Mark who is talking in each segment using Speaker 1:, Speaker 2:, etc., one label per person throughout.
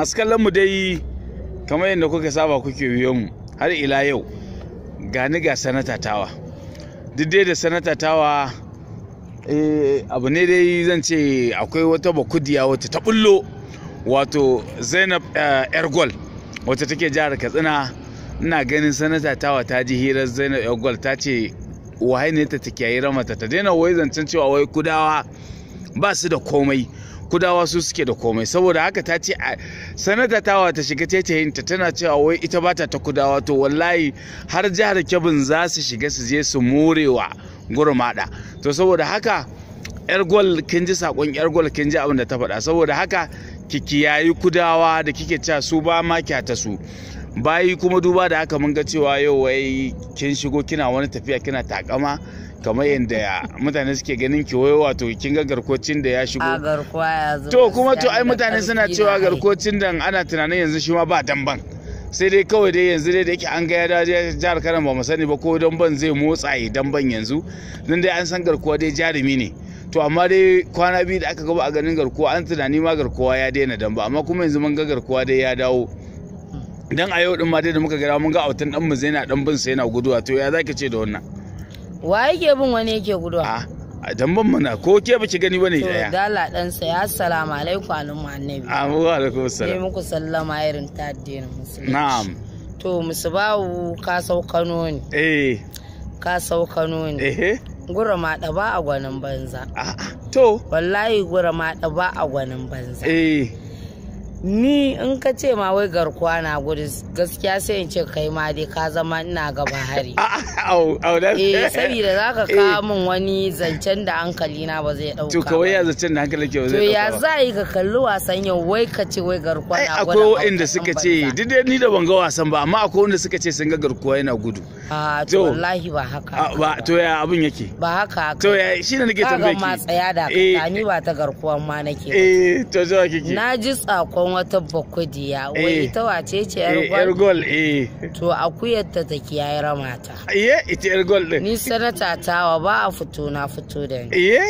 Speaker 1: masu kallon mu dai kamar yadda kuka saba kuke biyo mu har ila yau gani ga sanata tawa duk dai da sanata tawa eh, abu ne dai zan ce akwai wata bakudiya wata ta bullo wato zainab ergol eh, wata take jihar katsina ina ganin sanata tawa ta ji hirar zainab ergol ta ce wahai ne ta take yi ramata ta daina wai zancen cewa wai kudawa ba su da komai kudawa su suke da komai saboda haka ta ce sanata tawa ta shiga tetayinta tana cewa wai ita bata ta kudawa to wallahi har jihar kebin za su shiga su je su morewa gurmada to saboda haka yar gol kin ji sakon yar gol kin ji abin da ta faɗa saboda haka ki kiyayi kudawa da kike cewa su ba ma kyata su bayi kuma duba da haka mun ga cewa yau wai kin shigo kina wani tafiya kina takama kamar yadda mutane suke ganin ki wai wato kin ga garkocin da ya shigo
Speaker 2: to kuma to ai mutane suna cewa
Speaker 1: garkocin dan ana tunanin yanzu shi ma ba damban sai dai kawai dai yanzu dai da yake an ga ya dawo jihar Kano ba mu sani ba ko damban zai motsa yi damban yanzu dan dai an san garkuwa dai jarumi ne to amma dai kwana biyu da aka gaba a ganin garkuwa an tunani ma garkuwa ya daina damba amma kuma yanzu mun ga garkuwa dai ya dawo dan a yau din ma dai da muka gara mun ga autan dan mu zaina dan bin sa yana guduwa to ya zaki ce da wannan
Speaker 2: wa yake bin wani yake guduwa ah,
Speaker 1: a dan ban mana ko ke baki gani bane daya to
Speaker 2: dala dan sa ya assalamu alaikum alumma annabi
Speaker 1: amu ah, alaikum assalam ne muku
Speaker 2: sallama irin ta addinin musulunci na'am to musubawu ka saukano ne eh ka saukano ne eh gura ma ba a gwanin banza ah, to wallahi gura ma ba a gwanin banza eh ni in ka ce ma wai garkuwa na gudu gaskiya sai in ce kai ma dai ka zama ina gaba
Speaker 1: hari ah, eh saboda za ka eh. kawo
Speaker 2: min wani zancen da hankali na ba zai dauka to kawai
Speaker 1: ya zancen da hankali ke ba zai dauka to ya za
Speaker 2: yi ka kalli wasan yau wai ka ce wai garkuwa na gudu akwai wanda suka ce
Speaker 1: duk dai ni da ban ga wasan ba amma akwai wanda suka ce sun ga garkuwa yana gudu a ah, to wallahi
Speaker 2: ba haka ah, ba
Speaker 1: to ya abin yake ba
Speaker 2: haka to ya shine nake tambaye ki ka ga ma tsaya da ka eh, ni ba ta garkuwan ma nake
Speaker 1: eh to zo kike na
Speaker 2: ji tsakon wata bakwadiya wai eh. ita wace ce yar eh,
Speaker 1: gol eh
Speaker 2: to akuyar ta ta kiyaye ramata iye ita yar gol din ni sanata tawa ba a fito na fito da ni iye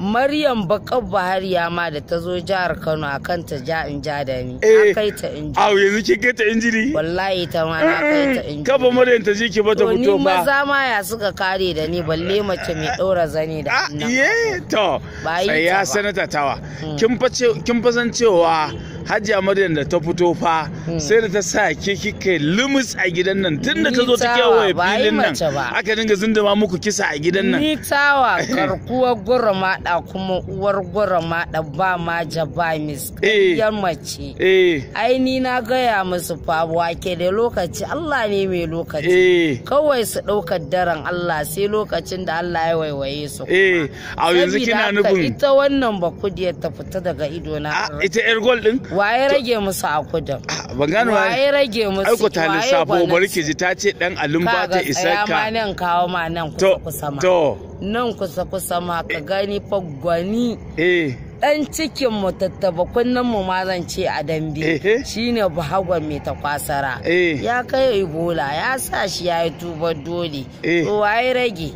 Speaker 2: Maryam Bakar ya ma da ta zo jihar Kano akan ta ja in ja da ni a eh. kai ta inji
Speaker 1: a yanzu ki kai ta injiri wallahi ta ma na kai ta injiri kafa Maryam ta ji ki ba ta fito ba to ni maza
Speaker 2: ma ya suka kare da ni balle mace mai ɗora zani da iye ah,
Speaker 1: to ba yi sanata tawa hmm. kin fa kin fa san cewa hajiya maryam da ta fito fa hmm. sai da ta sa ke kika lumus a gidan nan tun da ta zo ta kewaye filin nan aka dinga zinduma muku kisa a gidan nan ni
Speaker 2: tawa karkuwa gura maɗa kuma uwar gura maɗa ba ma jaba mis eh. mace eh. ai ni na gaya musu fa ke da lokaci Allah ne mai lokaci eh. kawai su ɗaukar daren Allah sai lokacin da Allah ya waiwaye su kuma
Speaker 1: a yanzu kina nufin ita
Speaker 2: wannan bakudiyar ta fita daga ido na ah,
Speaker 1: ita ergol din waye rage
Speaker 2: musu a kudin ah,
Speaker 1: ban waye
Speaker 2: rage musu aiko ta lissafo bari
Speaker 1: ji ta ce dan alumba ta isa ka ma nan
Speaker 2: kawo ma nan kusa kusa ma to nan kusa kusa ma ka eh. gani fa gwani eh dan cikin mu tattaba kunnan mu ma zan ce a dambe eh, eh. shine bahagwan mai ta kwasara ya kai ibola ya sa shi ya yi tubar dole to waye rage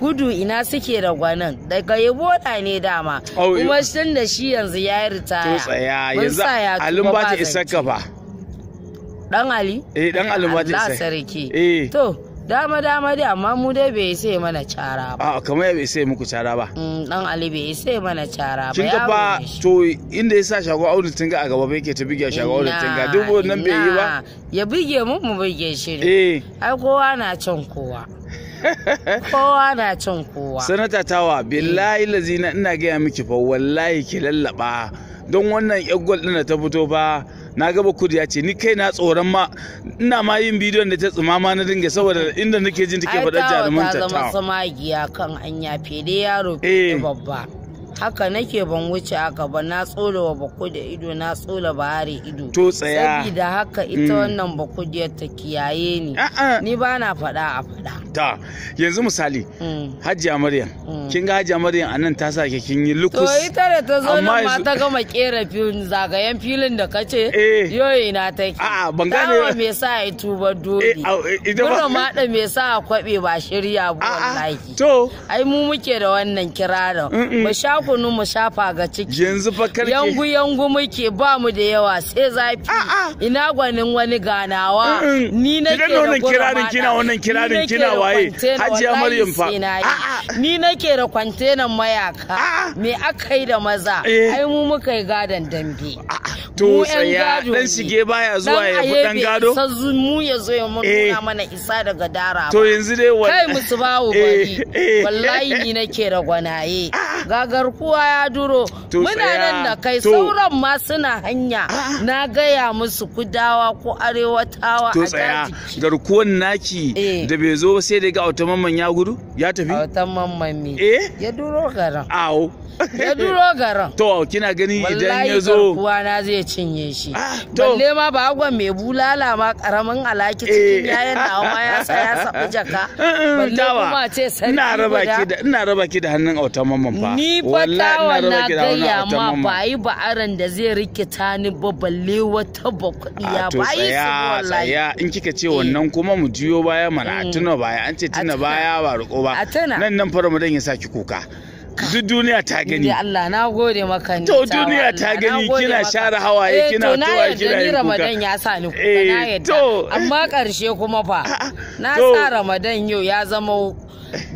Speaker 2: gudu ina suke da gwanin daga yabo da ne dama kuma tun da shi yanzu ya yi ritaya to tsaya yanzu alin ba ta isa ka ba dan ali eh dan ali ba ta isa sarki
Speaker 1: eh to
Speaker 2: dama dama dai amma mu dai bai sai mana cara
Speaker 1: ba a kamar ya bai sai muku cara ba mm,
Speaker 2: dan ali bai sai mana cara ba kin ba
Speaker 1: to inda ya sa shago audin tinga a gaba bai ke ta bige shago audin tinga duk wannan bai yi ba
Speaker 2: ya bige mu mu bige shi eh ai kowa na can kowa kowa na cin kowa
Speaker 1: sanata tawa eh. billahi lazina ina gaya miki fa wallahi ki lallaba don wannan yan gol din da ta fito fa na gaba kudu ya ce ni kai na tsoron ma ina ma yin bidiyon da ta tsima ma na dinga saboda inda nake jin take faɗar jaruman ta ta zama
Speaker 2: samagiya kan anya fede yaro fede eh. babba haka nake ban wuce haka ba na tsola wa da ido na tsola hare
Speaker 1: ido to tsaya saboda haka ita mm. wannan
Speaker 2: da ta kiyaye ni ni ba na faɗa a faɗa
Speaker 1: ta yanzu misali mm. hajiya maryam mm. kin ga hajiya maryam nan ta sa kin yi lukus to ita da ta zo nan ma ta gama
Speaker 2: kera filin zagayen filin da kace eh. yo ina take a'a ban gane ba me sa ai tuba dole eh, eh, ita ma da me sa kwabe ba shirya ba wallahi to ai mu muke da wannan kirarin ba sha kunu mu shafa ga ciki yanzu fa karke. yangu yangu muke ba mu da yawa sai zafi ina gwanin wani ganawa ni na ke da wannan kirarin kina wannan kirarin kina waye hajiya maryam fa ni na ke da kwantenan mayaka me aka yi da maza eh. ai mu muka yi gadan dambe to tsaya dan shige baya zuwa ya fi dan gado sai mu ya zo ya eh. nuna mana isa daga dara to yanzu dai wallahi kai musu bawo bari
Speaker 1: eh. wallahi
Speaker 2: ni na ke da gwanaye ga garkuwa ya duro muna nan da kai sauran ma suna hanya na gaya musu kudawa ko arewatawa to tsaya
Speaker 1: garkuwan naki eh. da bai zo sai da ga autamamman ya gudu ya tafi autamamman me eh ya duro garan awo ya duro garan to kina gani idan ya zo garkuwa na zai cinye shi ah,
Speaker 2: balle ma ba agwa mai bulala ma karamin alaki cikin eh. yayin da ma ya sa ya sabu jaka mm, mm, balle kuma ce sai ina raba ki da
Speaker 1: ina raba ki da hannun autan mamman fa ni ba tawa na gaya ma ba
Speaker 2: yi ba aran da zai rikita ni ba balle wata ba kuɗi ya ba yi su tsaya
Speaker 1: in kika ce eh. wannan kuma mu juyo baya mana a mm. tuna baya an ce tuna baya ba riko ba nan nan fara mu dan ya saki kuka duk duniya ta gani da
Speaker 2: Allah na gode maka ni to duniya ta gani kina share hawaye eh, kina tuwa kina yin kuka Ramadan ya sa ni kuka na eh, yadda amma karshe kuma fa na sa Ramadan yau ya zama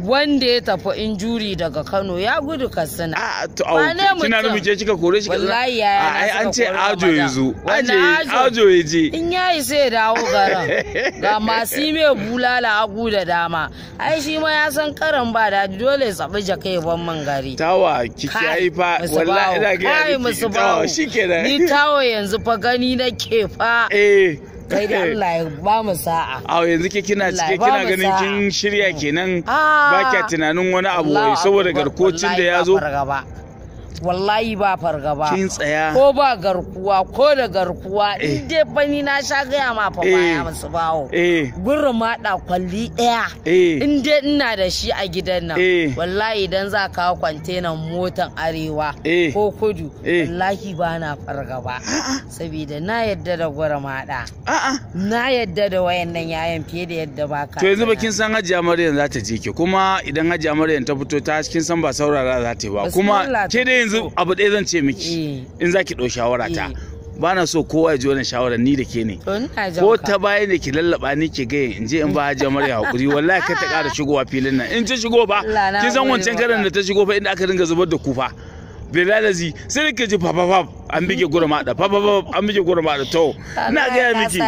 Speaker 2: wanda ya tafi injuri daga Kano ya gudu Katsina. A ah,
Speaker 1: to a kina da cika kore shi Katsina. Wallahi ya ah, ai an ce ajo ya zo. ajo ya je. In
Speaker 2: ya yi sai dawo garin, Ga masu yi mai bulala agu da dama. Ai shi ma ya san karan ba da dole tsabi jaka ya ban man gari.
Speaker 1: Tawa kike ai fa wallahi ina ga. Ai musu Shikenan. Ni
Speaker 2: tawo yanzu fa gani nake fa. Eh. sai da Allah ba mu sa'a a
Speaker 1: yanzu ke kina cike kina ganin kin shirya kenan ah. ba kya tunanin wani abu saboda garkocin da ya zo
Speaker 2: wallahi ba fargaba kin tsaya ko ba garkuwa ko da garkuwa eh. in dai fani na sha gaya ma fa eh. baya musu bawo eh. gurin ma da kwalli daya in dai ina da shi a gidan nan wallahi idan za kawo kwantenan motan arewa ko kudu wallahi ba na fargaba saboda na yadda da gwara ma da na yadda da wayannan yayan fiye da yadda ba ka to yanzu ba
Speaker 1: kin san hajji amaryan za ta je ki kuma idan hajiya amaryan ta fito ta kin san ba saurara za ta yi ba kuma ke dai yanzu abu ɗaya zan ce miki eh. in za ki ɗau shawara ta eh. ba na so kowa ya ji wannan shawara ni da ke ne ko ta baya ne ki lallaba ni ki gaya in je in ba hajiya murya hakuri wallahi kai ta ƙara shigowa filin nan in ta shigo ba ki san wancan karan da ta shigo fa inda aka dinga zubar da kufa bilalazi sai ke ji fafafaf an bige gurma da fafafaf an bige gurma da to na gaya miki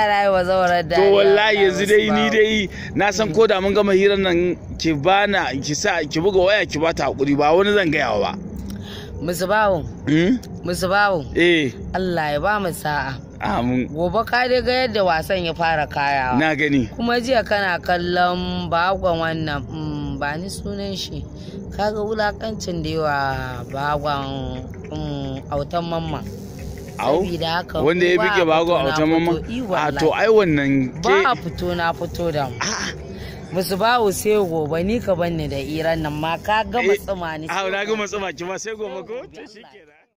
Speaker 2: to wallahi yanzu dai ni
Speaker 1: dai na san ko da mun gama hirar nan ki bana ki sa ki buga waya ki bata hakuri ba wani zan gaya ba
Speaker 2: musubawun hmm? musubawun eh Allah ya ba mu sa'a amin gobe ka dai ga yadda wasan ya fara kayawa na gani kuma jiya kana kallon bagon wannan mm, ba ni sunan shi kaga wulakancin da yawa bagon mm, autan mamman au wanda ya bige bagon Autan mamma a to ai
Speaker 1: wannan ke
Speaker 2: ba fito na fito da mu musu wu sai gobe ni ka banni da iran nan ma ka gama eh, tsuma ni. Ah
Speaker 1: na gama tsuma ki ma sai gobe ko to shikenan.